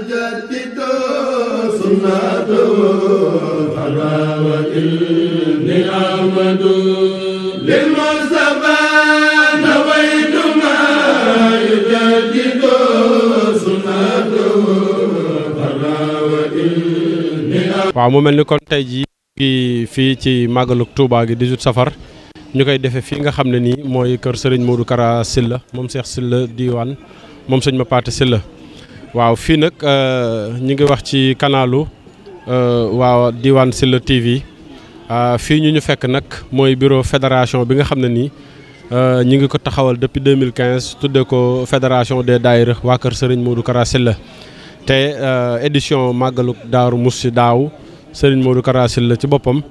نجدد mu mel ni kon tey jii fii ci màggalug tuubaa gi di 18 safar ñu koy defee fii nga xam ne nii mooy kër Serigne Modou Kara Sylla moom Cheikh Sylla diwaan moom sëñ ma Paate Sylla waaw fii nag euh, ñu ngi wax ci kanaalu euh, waaw diwaan Sylla TV euh, fii ñu ñu fekk nag mooy bureau fédération bi nga xam ne nii ñu ngi ko taxawal depuis 2015 tuddee ko fédération des daayira waa kër Serigne moodu Kara Sylla te édition màggalu Daaru Musi daaw sëriñ Modou Kara Sylla ci boppam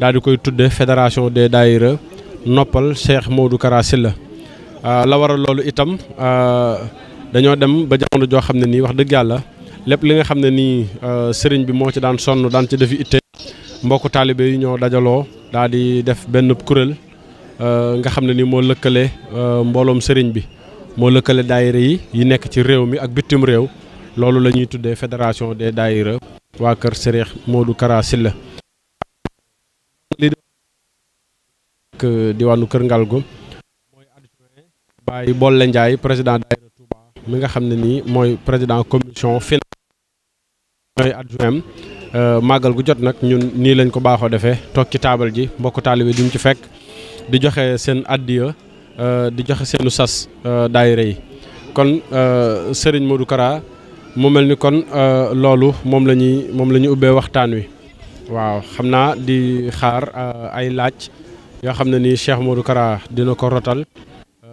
daal di koy tuddee fédération des daayira noppal Cheikh Modou Kara Sylla la waral loolu itam. dañoo dem ba jamono joo xam ne nii wax dëgg yàlla lépp li nga xam ne nii euh, sëriñ bi moo ci daan sonn daan ci defi itte mbokku taalibe yi ñoo dajaloo daal di def benn kuréel euh, nga xam ne nii moo lëkkale euh, mbooloom sëriñ bi moo lëkkale daayira yi yi nekk ci réew mi ak bitim réew loolu la ñuy tuddee fédération des daayira waa kër Sëriñ Modou Kara Sylla diwaanu kër Ngalgo mooy adjoint Baye Bolle Ndiaye président mi nga xam ne nii mooy président commission finance mooy adjoint euh, màggal gu jot nag ñun nii lañ ko baaxoo defee toog ci taabal ji mbokk taalibe duñ ci fekk di joxe seen addiya euh, di joxe seenu sas euh, daayira yi kon Serigne Modou Kara mu mel ni kon loolu moom la ñuy moom la ñuy ubbee waxtaan wi waaw xam naa di xaar ay laaj yoo xam ne nii Cheikh Modou Kara dina ko rotal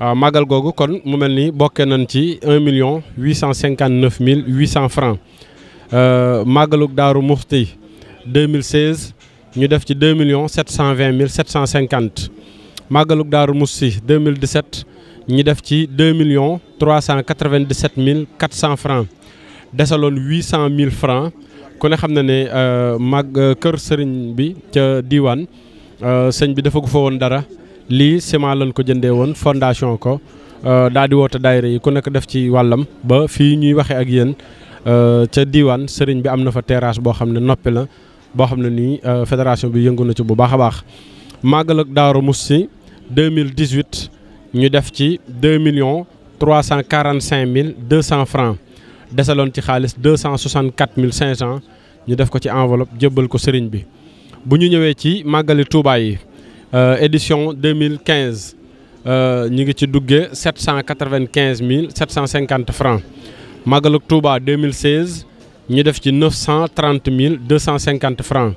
Ah, magal gogo kon mu melni 1 million 859 800 francs euh daru mufti 2016 ñu 2 720 750 magaluk daru 2017 ñi def 2 397 400 francs dessalon 800 000 francs ko ne xamna euh, mag keur diwan euh dara lii ciment lañ ko jëndee woon fondation ko euh, daal di woote daayira yi ku nekk def ci wàllam ba fii ñuy waxee ak yéen euh, ca diwaan sëriñ bi am na fa terrasse boo xam ne noppi la boo xam ne nii euh, fédération bi yëngu na ci bu baax a baax. màggal ak Daaru Musti 2018 ñu def ci million trois cent millions 345 mille 200 francs desaloon ci xaalis 264 mille 500 ñu def ko ci enveloppe jébbal ko sëriñ bi bu ñu ñëwee ci màggali Touba yi. Euh, édition 2015, euh, 795 750 francs. Magal octobre 2016, nous avons 930 250 francs.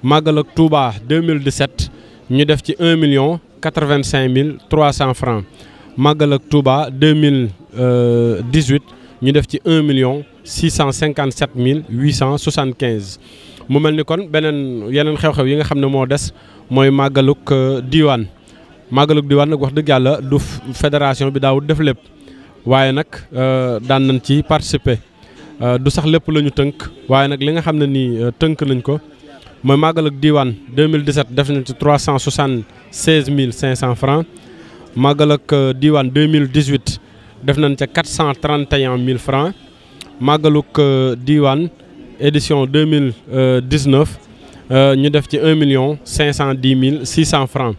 Magal octobre 2017, nous avons 1 million 85 300 francs. Magal octobre 2018, nous 1 million 657 875. mooy màggalug euh, diwaan màggalug diwaan nag wax dëgg yàlla du fédération bi daawul def lépp waaye nag euh, daan nañ ci participer euh, du sax lépp la ñu tënk waaye nag li nga xam ne nii tënk nañ ko mooy màggalug diwaan 2017 def nañ ci 376 mille 500 francs màggalug diwaan 2018 def nañ ca 431 mille francs màggalug diwaan édition 2019 Euh, ñu def ci un million cinq cent dix mille six cent francs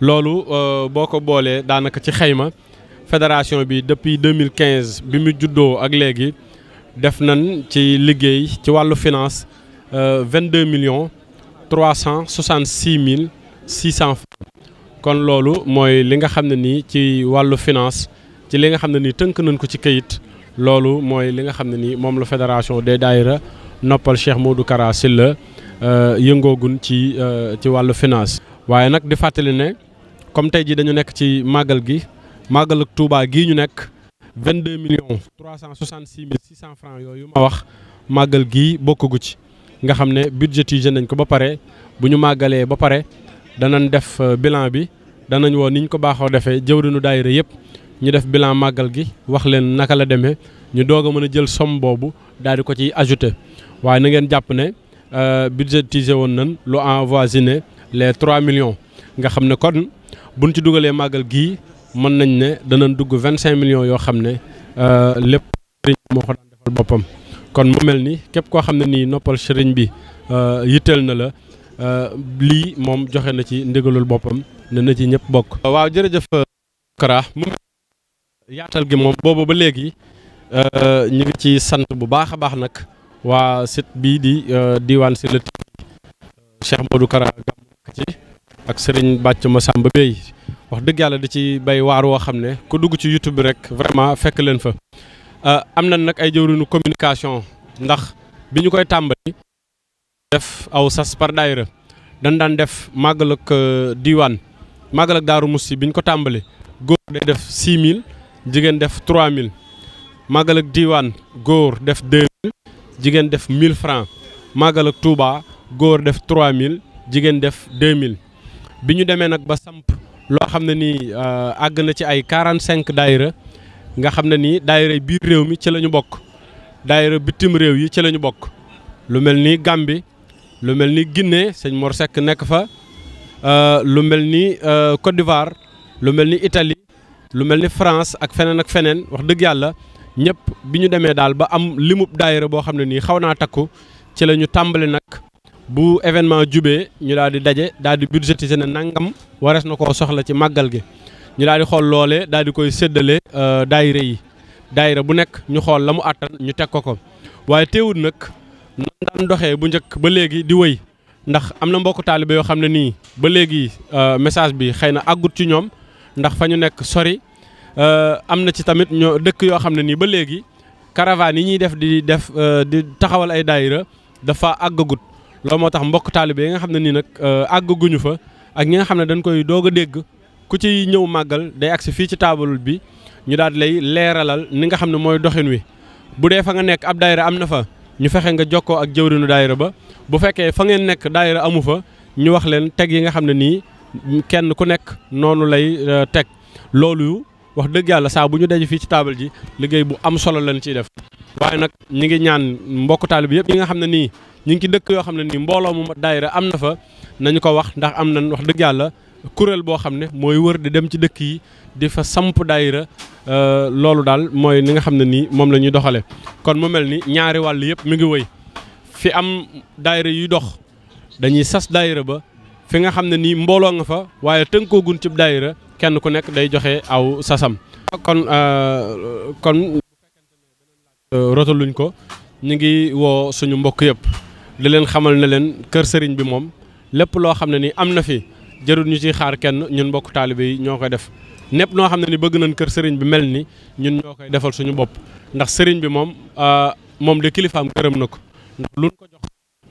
loolu euh, boo ko boolee daanaka ci xayma fédération bi depuis 2015 bi mu juddoo ak léegi def nañ ci liggéey ci wàllu finance euh, vingt deux millions trois cent soixante six mille six cent kon loolu mooy li nga xam ne nii ci wàllu finance ci li nga xam ne nii tënk nañ ko ci kayit loolu mooy li nga xam ne nii moom la fédération des daayira noppal Cheikh Modou Kara Sylla Euh, yëngoogun ci euh, ci wàllu finance. waaye nag di fàttali ne comme tey jii dañu nekk ci màggal gi màggal ak Touba gii ñu nekk vingt deux millions trois cent soixante six mille cent francs yooyu ma wax màggal gii bokkagu ci nga xam ne budgétisé nañ ko ba pare bu ñu màggalee ba pare danañ def euh, bilan bi danañ woon ni ñu ko baaxoo defee jëwriñu daayira yëpp ñu def bilan màggal gi wax leen naka la demee ñu doog a mën a jël somme boobu daal ko ciy ajouté waaye na jàpp ne. Euh, budgétisé woon nan lu envoisiné les trois millions nga xam ne kon buñ ci dugalee màggal gii mën nañ ne danañ dugg vingt cinq millions yoo xam ne euh, lépp sëriñ moo ko daan defal boppam kon mu mel ni képp koo xam ne nii noppal sëriñ bi euh, yitteel na la lii moom joxe na ci ndigalul boppam ne na ci ñëpp bokk waaw jërëjëf Kara mu yaatal gi moom boobu ba léegi ñu ngi ci sant bu baax a baax nag wa sit bi di euh, diwan si la euh, Cheikh Modou Kara gam ci ak Serigne ma samba Bey wax deug yalla di ci bay war wo xamne ku ci YouTube rek vraiment fek len fa euh, am na nak ay jëwriñu communication ndax biñu koy tambali def aw sas par daire dañ dan def magaluk ak magaluk màggal ak Daaru Musti bi ko tambali goor day def 6000 jigen def 3000 magaluk ak diwaan def 2000 jigen def 1000 francs magal ak Touba góor def 3000 jigen def 2000 bi démé nak ba samp lo y ni ci ay 45 daïra nga xamné ni daïra daayira biir réew mi ci lañu bok. daïra bitim réew yi ci lu Gambie lu Guinée euh, lu euh, Côte d'Ivoire lu melni Italie lu melni France ak fenen ak fenen wax ñëpp bi ñu demee daal ba am li mu daayira boo xam ne nii xaw naa takku ci la ñu tàmbali nag bu événement jube ñu daal di daje daal di budgétiser ne nangam warees na koo soxla ci màggal gi ñu daal di xool loolee daal di koy séddale euh, daayira yi daayira bu nekk ñu xool la mu àttan ñu teg ko ko waaye teewut nag nan doxee bu njëkk ba léegi di wëy ndax am na mbokku taalibe yoo xam ne nii ba léegi euh, message bi xëy na àggut ci ñoom ndax fa ñu nekk sori Euh, am na ci tamit ñoo dëkk yoo xam ne nii ba léegi caravane yi ñuy def di def euh, di taxawal ay daayira dafa àggagut loolu moo tax mbokk taalibe yi nga xam ne nii nag euh, àggaguñu fa ak ñi nga xam ne dañ koy doog a dégg ku ci ñëw màggal day agsi fii ci taabalul bi ñu daal di lay leeralal ni nga xam ne mooy doxin wi bu dee fa nga nekk ab daayira am na fa ñu fexe nga jokkoo ak jëwrinu daayira ba bu fekkee fa ngeen nekk daayira amu fa ñu wax leen teg yi nga xam ne nii kenn ku nekk noonu lay teg loolu wax dëgg yàlla saa bu ñu daje fii ci taabal ji liggéey bu am solo lañ ciy def waaye nag ñi ngi ñaan mbokk taalib yëpp ñi nga xam ne nii ñi ngi ci dëkk yoo xam ne nii mbooloo mu daayira am na fa nañu ko wax ndax am nañ wax dëgg yàlla kuréel boo xam ne mooy wër di dem ci dëkk yi di fa samp daayira euh, loolu daal mooy ni nga xam ne nii moom la ñuy doxale kon mu mel ni ñaari wàll yëpp mi ngi wëy fi am daayira yuy dox dañuy sas daayira ba fi nga xam ne nii mbooloo nga fa waaye tënkoogun cib daayira kenn ku nekk day joxe aw sasam kon euh, kon euh, rotaluñ ko ñu ngi woo suñu mbokk yëpp di leen xamal na leen kër sëriñ bi moom lépp loo xam ne nii am na fi jarul ñu ciy xaar kenn ñun mbokk taalibe yi ñoo koy def népp noo xam ne ni bëgg nañ kër sëriñ bi mel ni ñun ñoo koy defal suñu bopp ndax sëriñ bi moom euh, moom de kilifaam gërëm na ko ndax luñ ko jox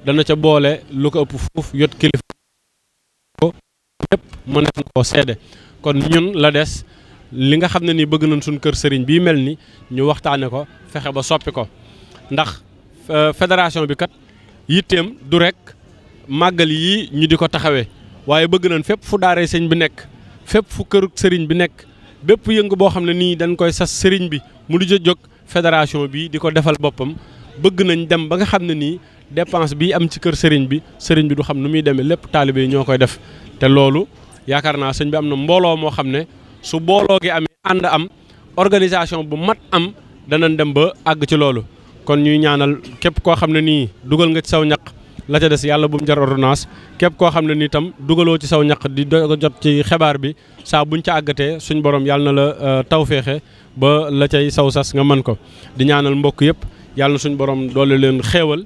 dana ca boole lu ko ëpp fuuf yot kilifa lépp mën nañ koo seede kon ñun la des li nga xam ne ni bëgg nañ suñ kër sëriñ bii mel ni ñu waxtaane ko fexe ba soppi ko ndax fédération bi kat yitteem du rek màggal yii ñu di ko taxawee waaye bëgg nañ fépp fu daaree sëñ bi nekk fépp fu kër sëriñ bi nekk bépp yëngu boo xam ne nii dañ koy sas sëriñ bi mu di jóg fédération bi di ko defal boppam bëgg nañ dem ba nga xam ne nii dépense bi am ci kër sëriñ bi sëriñ bi du xam nu muy demee lépp taalibe yi ñoo koy def te loolu yaakaar naa sëñ bi am na mbooloo moo xam ne su booloo gi amee ànd am organisation bu mat am danañ dem ba àgg ci loolu kon ñuy ñaanal képp koo xam ne nii dugal nga ci saw ñaq la ca des yàlla bu mu jar ordonnance képp koo xam ne nii tam dugaloo ci saw ñaq di doog a jot ci xabaar bi saa buñ ca àggatee suñ borom yàlla na la euh, tawféexe ba la cay saw sas nga mën ko di ñaanal mbokk yëpp yàlla suñ borom doole leen xéewal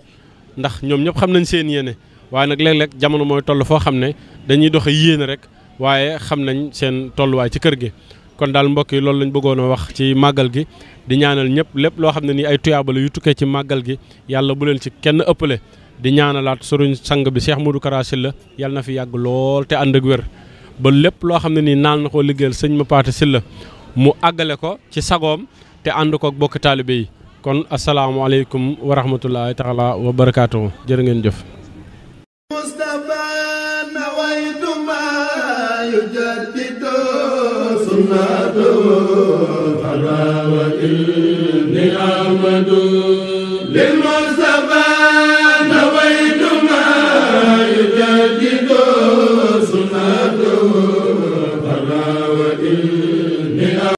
ndax ñoom ñëpp xam nañ seen yéene waaye nag léeg-léeg jamono mooy toll foo xam ne dañuy doxe yéene rek waaye xam nañ seen tolluwaay ci kër gi kon daal mbokk yi loolu lañ bëggoon wax ci màggal gi di ñaanal ñëpp lépp loo xam ne nii ay tuyaaba yu tukkee ci màggal gi yàlla bu leen ci kenn ëppale di ñaanalaat suruñ sang bi Cheikh Modou Kara Sylla yàlla na fi yàgg lool te ànd ak wér ba lépp loo xam ne nii naal na koo liggéeyal sëñ ma paate Sylla mu àggale ko ci sagoom te ànd ko bokk taalibe yi kon asalaamaaleykum wa rahmatullahi taala wa barakaatuhu ngeen jëf يجدد سنته فلا وإن أحمد للمرء